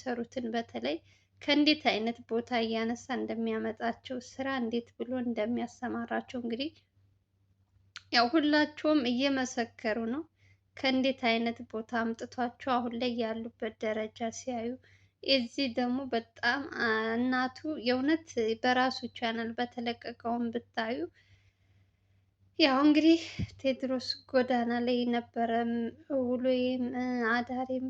የሚሰሩትን በተለይ ከእንዴት አይነት ቦታ እያነሳ እንደሚያመጣቸው ስራ እንዴት ብሎ እንደሚያሰማራቸው እንግዲህ ያው ሁላቸውም እየመሰከሩ ነው። ከእንዴት አይነት ቦታ አምጥቷቸው አሁን ላይ ያሉበት ደረጃ ሲያዩ እዚህ ደግሞ በጣም እናቱ የእውነት በራሱ ቻናል በተለቀቀውን ብታዩ ያው እንግዲህ ቴድሮስ ጎዳና ላይ ነበረ ውሎዬም አዳሬም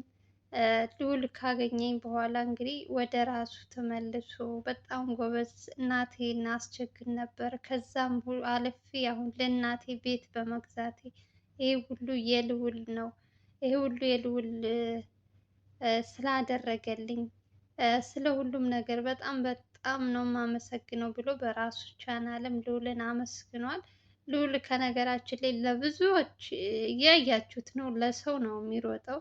ልዑል ካገኘኝ በኋላ እንግዲህ ወደ ራሱ ተመልሶ በጣም ጎበዝ እናቴ እናስቸግር ነበር። ከዛም አልፌ አሁን ለእናቴ ቤት በመግዛቴ ይህ ሁሉ የልዑል ነው። ይህ ሁሉ የልዑል ስላደረገልኝ ስለ ሁሉም ነገር በጣም በጣም ነው የማመሰግነው ብሎ በራሱ ቻናልም ልዑልን አመስግኗል። ልዑል ከነገራችን ላይ ለብዙዎች እያያችሁት ነው፣ ለሰው ነው የሚሮጠው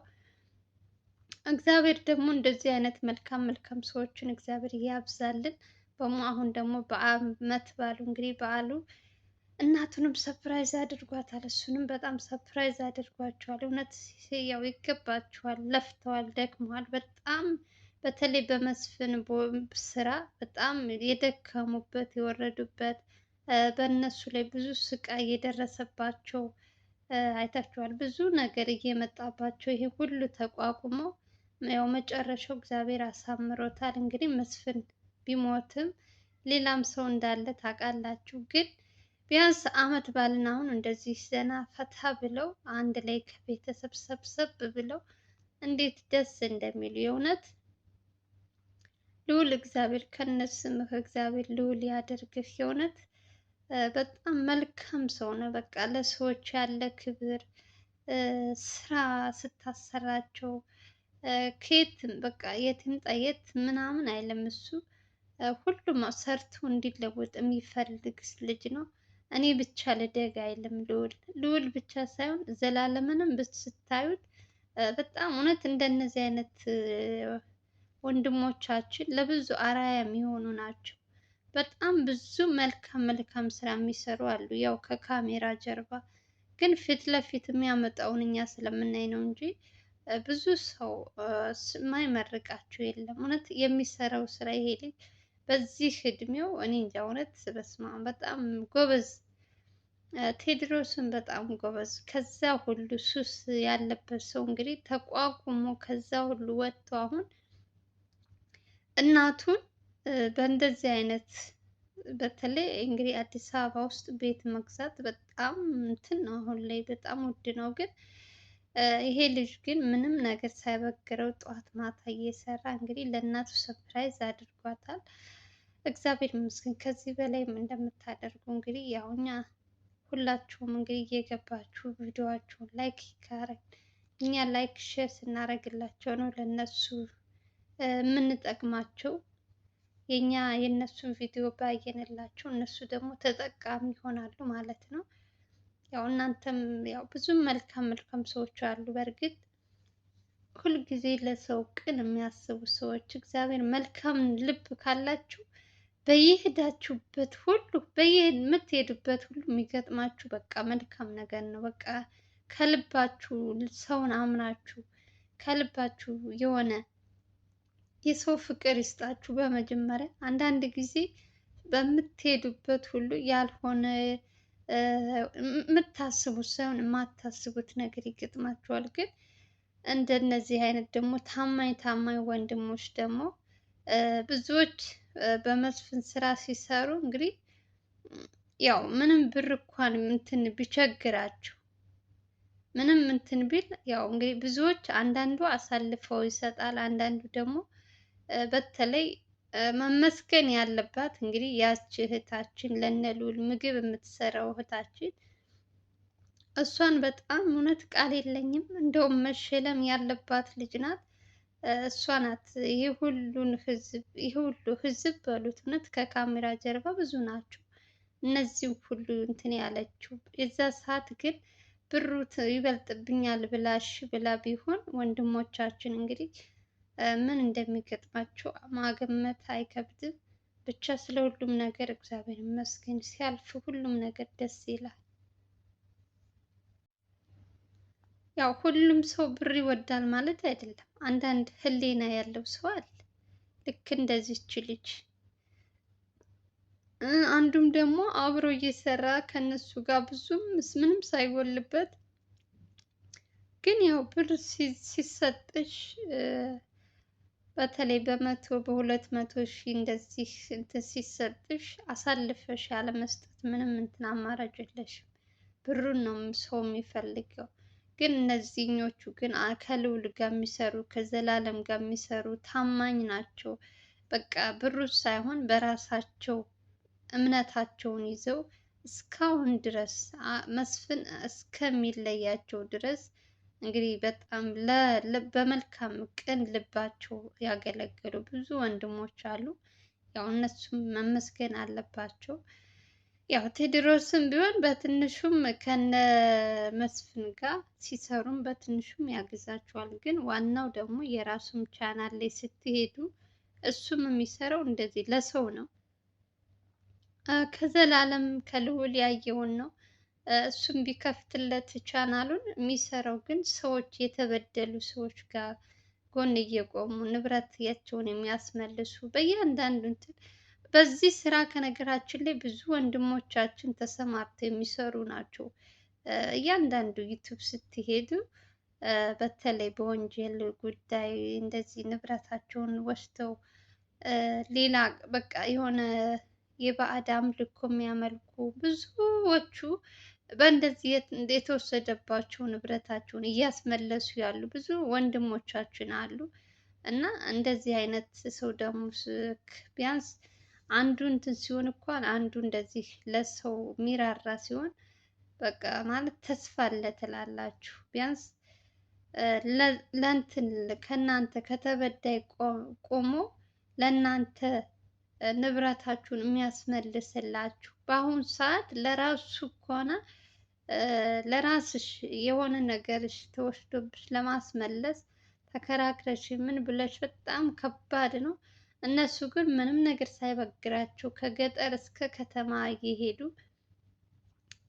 እግዚአብሔር ደግሞ እንደዚህ አይነት መልካም መልካም ሰዎችን እግዚአብሔር ያብዛልን። በሞ አሁን ደግሞ በአመት በዓሉ እንግዲህ በዓሉ እናቱንም ሰፕራይዝ አድርጓታል። እሱንም በጣም ሰፕራይዝ አድርጓቸዋል። እውነት ያው ይገባቸዋል። ለፍተዋል፣ ደክመዋል። በጣም በተለይ በመስፍን ስራ በጣም የደከሙበት የወረዱበት በእነሱ ላይ ብዙ ስቃይ የደረሰባቸው አይታችኋል። ብዙ ነገር እየመጣባቸው ይሄ ሁሉ ተቋቁመው ያው መጨረሻው እግዚአብሔር አሳምሮታል። እንግዲህ መስፍን ቢሞትም ሌላም ሰው እንዳለ ታውቃላችሁ። ግን ቢያንስ አመት ባልን አሁን እንደዚህ ዘና ፈታ ብለው አንድ ላይ ከቤተሰብ ሰብሰብ ብለው እንዴት ደስ እንደሚሉ የእውነት ልዑል እግዚአብሔር ከነስምህ እግዚአብሔር ልዑል ያደርግህ። የእውነት በጣም መልካም ሰው ነው። በቃ ለሰዎች ያለ ክብር ስራ ስታሰራቸው ከየት በቃ የት ጠየት የት ምናምን አይልም እሱ ሁሉም ሰርቶ እንዲለወጥ የሚፈልግ ልጅ ነው። እኔ ብቻ ልደግ አይልም ልዑል ልዑል ብቻ ሳይሆን ዘላለምንም ስታዩት በጣም እውነት እንደነዚህ አይነት ወንድሞቻችን ለብዙ አራያ የሚሆኑ ናቸው። በጣም ብዙ መልካም መልካም ስራ የሚሰሩ አሉ። ያው ከካሜራ ጀርባ ግን ፊት ለፊት የሚያመጣውን እኛ ስለምናይ ነው እንጂ ብዙ ሰው የማይመርቃቸው የለም። እውነት የሚሰራው ስራ ይሄ ልጅ በዚህ እድሜው እኔ እንጃ እውነት በስመ አብ በጣም ጎበዝ ቴድሮስን በጣም ጎበዝ። ከዛ ሁሉ ሱስ ያለበት ሰው እንግዲህ ተቋቁሞ ከዛ ሁሉ ወጥቶ አሁን እናቱን በእንደዚህ አይነት በተለይ እንግዲህ አዲስ አበባ ውስጥ ቤት መግዛት በጣም እንትን ነው፣ አሁን ላይ በጣም ውድ ነው ግን ይሄ ልጅ ግን ምንም ነገር ሳይበግረው ጠዋት ማታ እየሰራ እንግዲህ ለእናቱ ሰርፕራይዝ አድርጓታል። እግዚአብሔር ይመስገን። ከዚህ በላይም እንደምታደርጉ እንግዲህ ያው እኛ ሁላችሁም እንግዲህ እየገባችሁ ቪዲዮዋቸውን ላይክ ይካረግ እኛ ላይክ ሼር ስናደርግላቸው ነው ለእነሱ የምንጠቅማቸው። የእኛ የእነሱን ቪዲዮ ባየንላቸው እነሱ ደግሞ ተጠቃሚ ይሆናሉ ማለት ነው። ያው እናንተም ያው ብዙም መልካም መልካም ሰዎች አሉ። በእርግጥ ሁልጊዜ ለሰው ቅን የሚያስቡ ሰዎች እግዚአብሔር መልካም ልብ ካላችሁ በየሄዳችሁበት ሁሉ በየምትሄዱበት ሁሉ የሚገጥማችሁ በቃ መልካም ነገር ነው። በቃ ከልባችሁ ሰውን አምናችሁ ከልባችሁ የሆነ የሰው ፍቅር ይስጣችሁ። በመጀመሪያ አንዳንድ ጊዜ በምትሄዱበት ሁሉ ያልሆነ የምታስቡት ሳይሆን የማታስቡት ነገር ይገጥማችኋል። ግን እንደነዚህ አይነት ደግሞ ታማኝ ታማኝ ወንድሞች ደግሞ ብዙዎች በመስፍን ስራ ሲሰሩ እንግዲህ ያው ምንም ብር እንኳን እንትን ቢቸግራችሁ? ምንም እንትን ቢል ያው እንግዲህ ብዙዎች አንዳንዱ አሳልፈው ይሰጣል፣ አንዳንዱ ደግሞ በተለይ መመስገን ያለባት እንግዲህ ያች እህታችን ለነሉል ምግብ የምትሰራው እህታችን እሷን በጣም እውነት ቃል የለኝም። እንደውም መሸለም ያለባት ልጅ ናት። እሷ ናት ይህ ሁሉን ህዝብ ይህ ሁሉ ህዝብ በሉት እውነት ከካሜራ ጀርባ ብዙ ናቸው። እነዚህ ሁሉ እንትን ያለችው የዛ ሰዓት ግን ብሩ ይበልጥብኛል ብላ ብላ ቢሆን ወንድሞቻችን እንግዲህ ምን እንደሚገጥማቸው ማገመት አይከብድም። ብቻ ስለ ሁሉም ነገር እግዚአብሔር ይመስገን። ሲያልፍ ሁሉም ነገር ደስ ይላል። ያው ሁሉም ሰው ብር ይወዳል ማለት አይደለም። አንዳንድ ህሊና ያለው ሰው አለ። ልክ እንደዚች ልጅ አንዱም ደግሞ አብሮ እየሰራ ከነሱ ጋር ብዙም ምንም ሳይጎልበት ግን ያው ብር ሲሰጥሽ በተለይ በመቶ በሁለት መቶ ሺህ እንደዚህ እንትን ሲሰጥሽ አሳልፈሽ ያለ መስጠት ምንም እንትን አማራጭ የለሽም። ብሩን ነው ሰው የሚፈልገው። ግን እነዚህኞቹ ግን ከልውል ጋር የሚሰሩ ከዘላለም ጋር የሚሰሩ ታማኝ ናቸው። በቃ ብሩ ሳይሆን በራሳቸው እምነታቸውን ይዘው እስካሁን ድረስ መስፍን እስከሚለያቸው ድረስ እንግዲህ በጣም በመልካም ቅን ልባቸው ያገለገሉ ብዙ ወንድሞች አሉ። ያው እነሱም መመስገን አለባቸው። ያው ቴድሮስም ቢሆን በትንሹም ከነ መስፍን ጋር ሲሰሩም በትንሹም ያግዛቸዋል። ግን ዋናው ደግሞ የራሱም ቻናል ላይ ስትሄዱ እሱም የሚሰራው እንደዚህ ለሰው ነው። ከዘላለም ከልዑል ያየውን ነው። እሱም ቢከፍትለት ቻናሉን የሚሰራው ግን ሰዎች የተበደሉ ሰዎች ጋር ጎን እየቆሙ ንብረታቸውን የሚያስመልሱ በእያንዳንዱ እንትን በዚህ ስራ ከነገራችን ላይ ብዙ ወንድሞቻችን ተሰማርተው የሚሰሩ ናቸው። እያንዳንዱ ዩቱብ ስትሄዱ በተለይ በወንጀል ጉዳይ እንደዚህ ንብረታቸውን ወስደው ሌላ በቃ የሆነ የባዕድ አምልኮ የሚያመልኩ ብዙዎቹ በእንደዚህ የተወሰደባቸው ንብረታቸውን እያስመለሱ ያሉ ብዙ ወንድሞቻችን አሉ እና እንደዚህ አይነት ሰው ደግሞ ቢያንስ አንዱ እንትን ሲሆን እንኳን አንዱ እንደዚህ ለሰው የሚራራ ሲሆን በቃ ማለት ተስፋ አለ ትላላችሁ። ቢያንስ ለእንትን ከእናንተ ከተበዳይ ቆሞ ለእናንተ ንብረታችሁን የሚያስመልስላችሁ በአሁኑ ሰዓት ለራሱ ከሆነ ለራስሽ የሆነ ነገርሽ ተወስዶብሽ ለማስመለስ ተከራክረሽ ምን ብለሽ በጣም ከባድ ነው። እነሱ ግን ምንም ነገር ሳይበግራቸው ከገጠር እስከ ከተማ እየሄዱ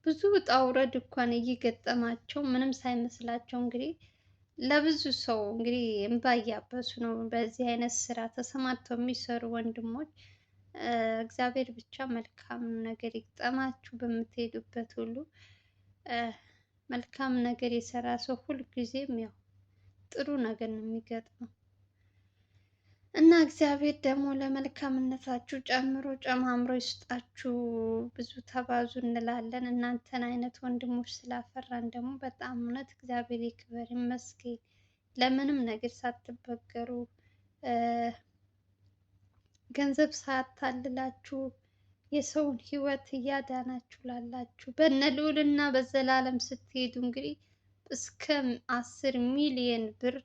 ብዙ ውጣ ውረድ እንኳን እየገጠማቸው ምንም ሳይመስላቸው እንግዲህ ለብዙ ሰው እንግዲህ እንባ እያበሱ ነው። በዚህ አይነት ስራ ተሰማርተው የሚሰሩ ወንድሞች እግዚአብሔር ብቻ መልካም ነገር ይግጠማችሁ። በምትሄዱበት ሁሉ መልካም ነገር የሰራ ሰው ሁልጊዜም ያው ጥሩ ነገር ነው የሚገጥመው እና እግዚአብሔር ደግሞ ለመልካምነታችሁ ጨምሮ ጨማምሮ ይስጣችሁ። ብዙ ተባዙ እንላለን። እናንተን አይነት ወንድሞች ስላፈራን ደግሞ በጣም እውነት እግዚአብሔር ይክበር ይመስገን። ለምንም ነገር ሳትበገሩ ገንዘብ ሳታልላችሁ የሰውን ህይወት እያዳናችሁ ላላችሁ በነ እና በዘላለም ስትሄዱ እንግዲህ እስከ አስር ሚሊየን ብር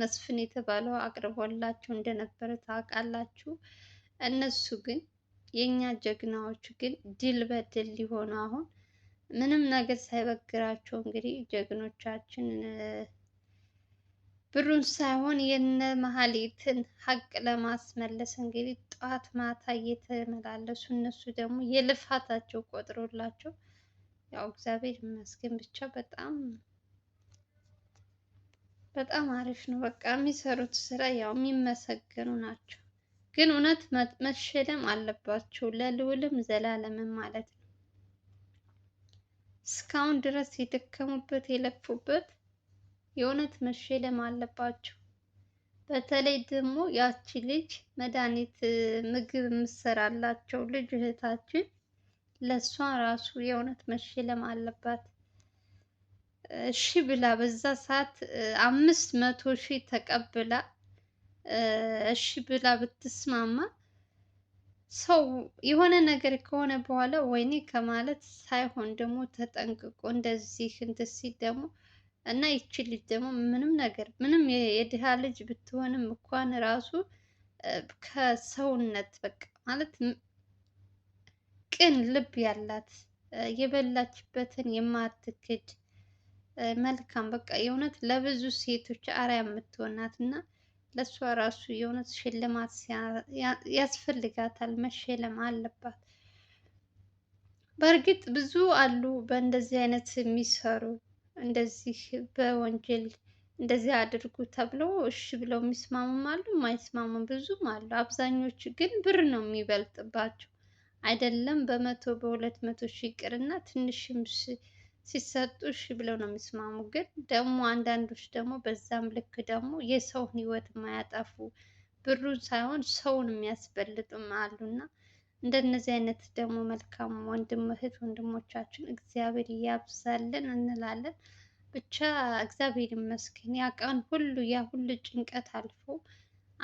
መስፍን የተባለው አቅርቦላችሁ እንደነበረ ታውቃላችሁ። እነሱ ግን የእኛ ጀግናዎች ግን ድል በድል ሊሆኑ አሁን ምንም ነገር ሳይበግራቸው እንግዲህ ጀግኖቻችን ብሩን ሳይሆን የነ መሀሌትን ሀቅ ለማስመለስ እንግዲህ ጠዋት ማታ እየተመላለሱ እነሱ ደግሞ የልፋታቸው ቆጥሮላቸው ያው እግዚአብሔር ይመስገን ብቻ በጣም በጣም አሪፍ ነው። በቃ የሚሰሩት ስራ ያው የሚመሰገኑ ናቸው። ግን እውነት መሸለም አለባቸው ለልውልም ዘላለምም ማለት ነው። እስካሁን ድረስ የደከሙበት የለፉበት የእውነት መሸለም አለባቸው። በተለይ ደግሞ ያቺ ልጅ መድኃኒት ምግብ የምትሰራላቸው ልጅ እህታችን ለእሷ ራሱ የእውነት መሸለም አለባት። እሺ ብላ በዛ ሰዓት አምስት መቶ ሺህ ተቀብላ እሺ ብላ ብትስማማ ሰው የሆነ ነገር ከሆነ በኋላ ወይኔ ከማለት ሳይሆን ደግሞ ተጠንቅቆ እንደዚህ እንትን ሲል ደግሞ እና ይቺ ልጅ ደግሞ ምንም ነገር ምንም የድሃ ልጅ ብትሆንም እንኳን ራሱ ከሰውነት በቃ ማለት ቅን ልብ ያላት የበላችበትን የማትክድ መልካም በቃ የእውነት ለብዙ ሴቶች አራ የምትሆናት እና ለእሷ ራሱ የእውነት ሽልማት ያስፈልጋታል፣ መሸለም አለባት። በእርግጥ ብዙ አሉ በእንደዚህ አይነት የሚሰሩ እንደዚህ በወንጀል እንደዚህ አድርጉ ተብለው እሺ ብለው የሚስማሙም አሉ፣ የማይስማሙም ብዙም አሉ። አብዛኞቹ ግን ብር ነው የሚበልጥባቸው። አይደለም በመቶ በሁለት መቶ ሺ ይቅርና ትንሽም ሲሰጡ እሺ ብለው ነው የሚስማሙ። ግን ደግሞ አንዳንዶች ደግሞ በዛም ልክ ደግሞ የሰውን ህይወት የማያጠፉ ብሩን ሳይሆን ሰውን የሚያስበልጡም አሉና እንደነዚህ አይነት ደግሞ መልካም ወንድም እህት ወንድሞቻችን እግዚአብሔር እያብዛልን እንላለን። ብቻ እግዚአብሔር ይመስገን ያ ቀን ሁሉ ያ ሁሉ ጭንቀት አልፎ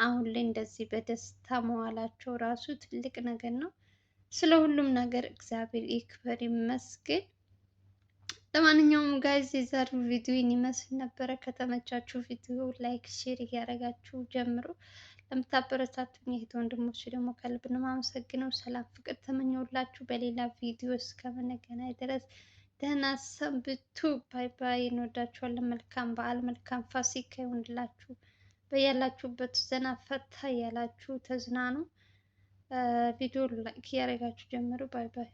አሁን ላይ እንደዚህ በደስታ መዋላቸው ራሱ ትልቅ ነገር ነው። ስለ ሁሉም ነገር እግዚአብሔር ይክበር ይመስገን። ለማንኛውም ጋይዝ የዛሬው ቪዲዮ ይመስል ነበረ። ከተመቻችሁ ቪዲዮ ላይክ፣ ሼር እያደረጋችሁ ጀምሩ። ለምታበረታቱኝ እህት ወንድሞች ደግሞ ከልብ ነው የማመሰግነው። ሰላም ፍቅር ተመኘውላችሁ። በሌላ ቪዲዮ እስከምንገናኝ ድረስ ደህና ሰንብቱ። ባይ ባይ። እንወዳችኋለን። መልካም በዓል፣ መልካም ፋሲካ ይሁንላችሁ። በያላችሁበት ዘና ፈታ እያላችሁ ተዝናኑ። ቪዲዮ ላይክ እያደረጋችሁ ጀምሩ። ባይ ባይ።